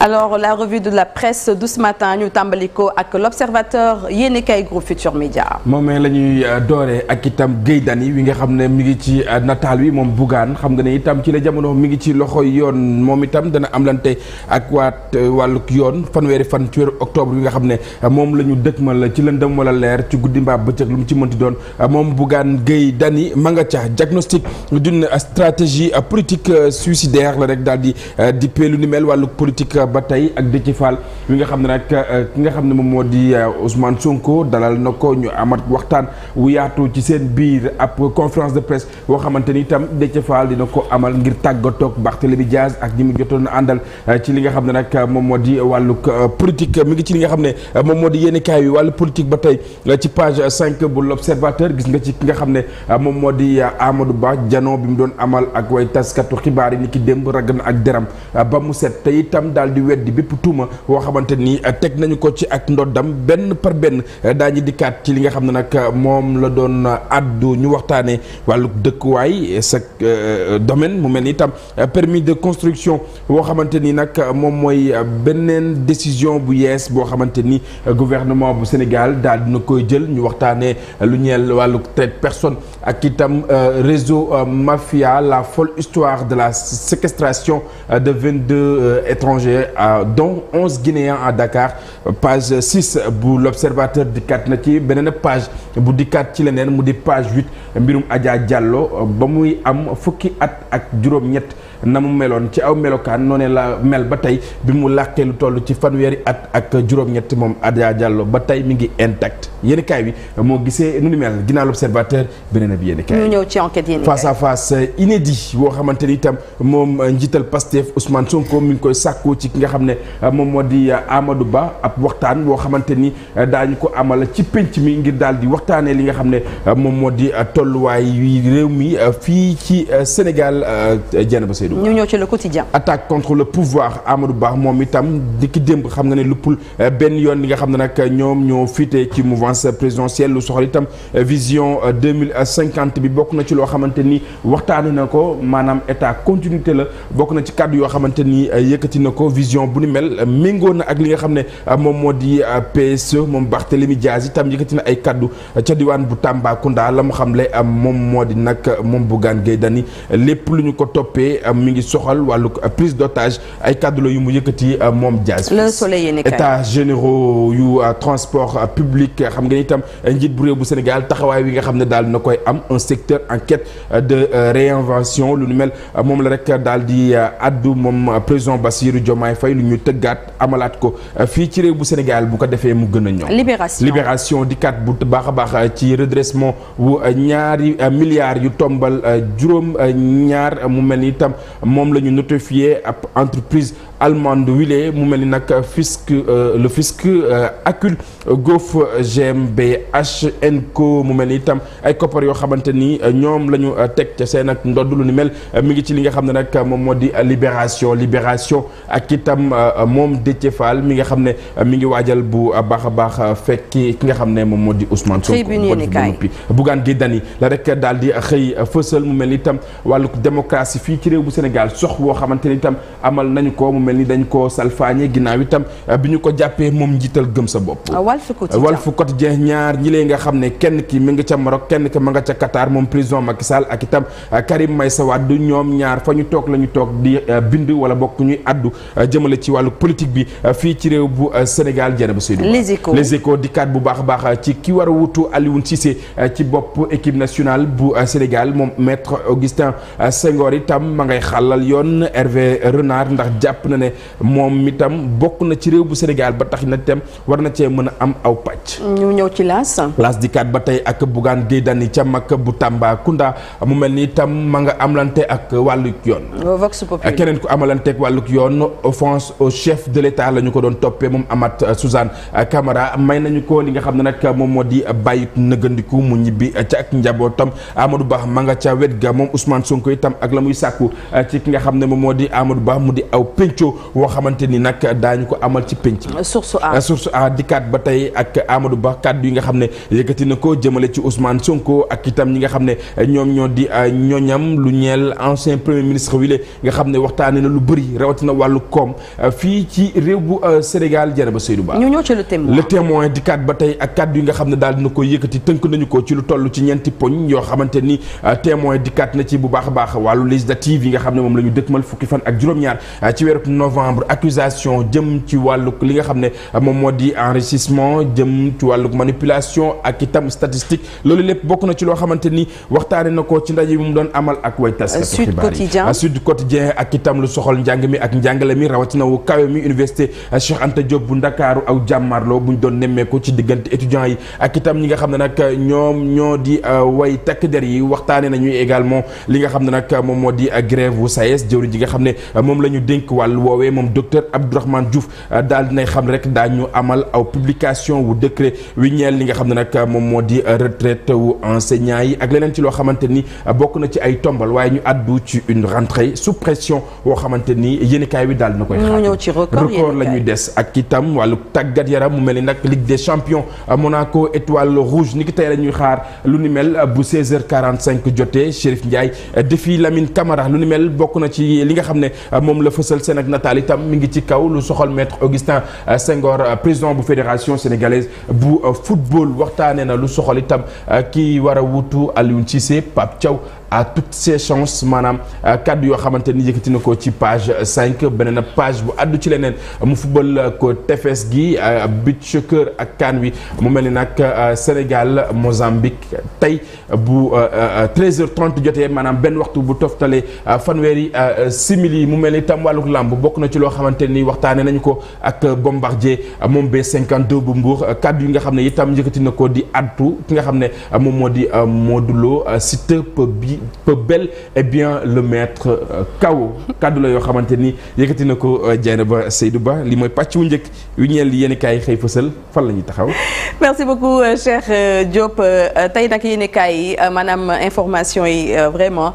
alors la revue de la presse de ce matin ñu tàmbali ko ak l'observateur yéeni kay groupe Futur Média moomee la ñuy euh, dooree ak itam Guèye Dany wi nga xam ne mi ngi ci euh, nataal wi moom Bougane xam nga ne itam ci la jamono mi ngi ci loxo yoon moom itam dana am lante ak waat euh, wàlluk yoon fanweeri fan ci weeru octobre yi nga xam ne moom la ñu dëkkmal ci lëndëm wala leer ci guddi mbaa bëccëg lu mu ci mënti doon moom Bougane Guèye Dany ma nga ca diagnostic d'une stratégie politique suicidaire la rek daal wàllu politique ba tey ak Déthié Fall mi nga xam ne nag euh, ki nga xam ne moom moo di euh, Ousmane Sonko dalal na ko ñu amat waxtaan wu yaatu ci seen biir ab conférence de presse boo xamante ni itam Déthié Fall dina ko amal ngir tàggatoog Barthélémy Diaz ak ñi mu jotoon àndal euh, ci li nga xam ne nag moom moo di wàllu politique mi ngi ci li nga xam ne moom moo di yéeni kaay yi wàllu politique ci page cinq bu l'Observateur gis nga ci ki nga xam ne moom moo di Amadou Ba jano bi mu doon amal ak way taskatu xibaar yi ni ki démb ragg na ak deram ba mu set te itam daal di weddi bépp tuuma woo xamante ni eh, teg nañu ko ci ak ndoddam benn par benn daa eh, daañu dikkaat ci li nga xam ne nag eh, moom la doon addu ñu waxtaanee wàllu dëkkuwaay sa domaine mu mel ni itam permis de construction woo xamante ni nag moom mooy beneen décision bu yees boo xamante ni gouvernement bu Sénégal daal dina koy jël ñu waxtaanee lu ñeel wàllu traite personne ak itam réseau mafia la folle histoire de la séquestration de vingt-deux étrangers dénombré dont onze Guinéens à Dakar page six bu l'Observateur dikkaat na ci beneen page bu dikkaat ci leneen mu di page huit mbirum Adja Diallo ba muy am fukki at ak juróom-ñett. na mu meloon ci aw melokaan noonee la mel ba tey bi mu làqee lu toll ci fanweeri at ak juróom-ñett moom Adja Diallo ba tey mi ngi intact yéen bi moo gisee nu ni mel ginnaaw l'observateur beneen bi yéen kaay ñu ñëw ci enquête yéen face à face inédit xamante ni itam moom njiital Pastef Ousmane Sonko mi ngi koy sàkkoo ci ki nga xam ne moom moo di amadu Ba ab waxtaan woo xamante ni daañu ko amal ci pénc mi ngir daal di waxtaanee li nga xam ne moom moo di tolluwaay réew mi fii ci Sénégal jenn ba ñu ñëw ci le quotidien attaque contre le pouvoir Amadou baax moom itam di ki démb xam nga ne luppul euh, benn yoon li nga xam ne nag ñoom ñoo fiitee ci mouvance présidentielle lu soxla itam euh, vision 2050 euh, bi bokk na ci loo xamante ni waxtaanu na ko maanaam état continuité la bokk na ci kàddu yoo xamante ni yëkkati na ko vision bu ni mel méngoo na ak li nga xam ne moom moo di PSE moom Barthélémy Diaz itam yëkkati na ay kàddu ca diwaan bu Tambacounda la mu xam le moom moo di nag moom Bougane Gueye Dany lépp lu ñu ko toppee mi ngi soxal wàllu euh, prise d'otage ay kàddu la yu mu yëkkati euh, moom Dias. le soleil yu euh, transport public xam nga itam njiit bu réew bu Sénégal taxawaay wi nga xam ne daal na koy am un secteur en de réinvention lu nu mel moom la rek daal di addu moom président Bassirou Diomaye Faye lu ñu tëggaat amalaat ko fii ci réew bu Sénégal bu ko defee mu gën a ñoom. libération libération di kat bu baax a baax ci redressement bu ñaari milliards yu tombal juróom ñaar mu moom la ñu notifié ab entreprise allemande wile mu mel ni nag fisc euh, le fisc euh, Accul Gof GmbH Enco mu mel ni itam ay koppar yoo xamante ni euh, ñoom la ñu teg ca seen ak ndodd lu ni mel mi ngi ci li nga xam ne nag moom moo di libération liberation ak itam moom Déthié Fall mi nga xam ne mi ngi waajal bu baax a baax fekki ki nga xam ne moom moo di Ousmane Sonko Bougane Gueye Dany la rek daal di xëy fësal mu mel ni itam wàllu démocratie fii ci réew bu Sénégal sox woo xamante ni itam amal nañu ko mel ni dañ koo salfaañe ginnaaw itam euh, bi ñu ko jàppee moom njiital gëm sa bopp euh, Walf Quotidien ñaar ñi lay nga xam ne kenn ki mi ngi ca Maroc kenn ki ma nga ca Qatar moom président Macky Sall ak itam euh, Karim Meïssa Wade ñoom ñaar fa ñu toog la ñu toog di bind wala bokk ñuy addu jëmale ci wàllu politique bi fii ci réew bu Sénégal Dieynaba Seydou Les Échos dikkaat bu baax a baax ci ki war a wutu Alioune Cissé ci bopp équipe nationale bu Sénégal moom maître Augustin Senghor itam ma ngay xàllal yoon Hervé Renard ndax jàpp na ne moom itam bokk na ci réew bu Sénégal ba tax na itam war na cee mën a am aw pàcc. ñu ñëw ci laas. laas di kat ba tey ak Bougane Gueye Dany ca mag bu Tambacounda mu mel ni itam ma nga amalante ak wàlluk yoon. Vox Populi keneen ku amalante ak wàlluk yoon offense au chef de l'État la ñu ko doon toppee moom Amath Suzanne Camara may nañu ko li nga xam ne nag moom moo di bàyyit nëgëndiku mu ñibbi ca ak njabootam Amadou Ba ma nga ca wet ga moom Ousmane Sonko itam ak la moom moo di Amadou mu di aw penco. xëccoo woo xamante ni nag daañu ko amal ci penc bi euh, source a dikkaat ba tey ak Amadou Ba kàddu yi nga xam ne yëkkati na ko jëmale ci Ousmane Sonko ak itam ñi nga xam ne ñoom ñoo di euh, ñoñam lu ñeel ancien premier ministre wile nga xam ne waxtaane na lu bëri rawatina wàllu koom euh, fii ci réew bu Sénégal Dieynaba Seydou Ba ñu ñëw ci le témoin le témoin dikkaat ba tey ak kàddu yi nga xam ne daal dina ko yëkkati tënk nañu ko ci lu toll ci ñeenti poñ yoo xamante ni témoin dikkaat na ci bu baax a baax wàllu législative yi nga xam ne moom la ñu dëkkmal fukki fan ak juróom-ñaar ci weeru novembre accusation jëm ci wàlluk li nga xam ne moom moo di enrichissement jëm ci wàlluk manipulation ak itam statistique loolu lépp bokk na ci loo xamante ni waxtaane na ko ci ndaje bi mu doon amal ak way taskatu xibaar yi ah, Sud Quotidien ak itam lu soxal njàng mi ak njàngale mi rawatina wu kawe mi université Cheikh Anta Diop bu Ndakaaru aw jàmmarloo buñ doon nemmeeku ci diggante étudiants yi ak itam ñi nga xam ne nag ñoom ñoo di ah, way takk der yi waxtaane nañuy également li nga xam ne nag moom moo di ah, grève wu SAES jëwriñ ji nga xam ne la woowee moom docteur Abdourahmane Diouf euh, daal dinay xam rek daañu amal aw publication wu décret wi ñeel li nga xam ne nag moom moo di euh, retraite wu enseignant yi ak leneen ci loo xamante ni euh, bokk na ci ay tombal waaye ñu àddu ci une rentrée sous woo xamante ni yéenekaay wi daal na koy xaar record la ñuy des ak itam wàllu tàggat yaram mu mel ni nag Ligue des champions Monaco étoile rouge ni ki tey la ñuy xaar lu ni mel bu 16h45 jotee Chérif Ndiaye défi Lamine Camara lu ni mel nataal itam mi ngi ci kaw lu soxal maître Augustin euh, Senghor euh, président bu fédération sénégalaise bu euh, football waxtaanee na lu soxal itam kii war a wutu ci Cissé Pape caw à toutes ses chances maanaam euh, kaddu yoo xamante ni yëkkati na ko ci page cinq beneen page bu àddu ci leneen mu fubal ko tefes gi euh, beach soccer ak kaan wi mu mel ni nag euh, Sénégal Mozambique tey bu 13h30 jotee maanaam benn waxtu bu toftalee fanweeri simili mu mel ni tam wàlluk bokk na ci loo xamante ni waxtaane nañu ko ak bombardier moom B52 bu Mbour kaddu yi nga xam ne itam yëkkati na ko di addu ki nga xam ne moom moo di Modou Lo site bi qui peut et eh bien le mettre euh, kaw kàddu la yoo xamante ni yëkkati na ko euh, ba Seydou Ba li mooy pacc wu njëkk yu ñeel yéen kaay xëy fësal fan la ñuy taxaw. merci beaucoup euh, Cheikh Diop tey nag yéen kaay yi maanaam information yi vraiment.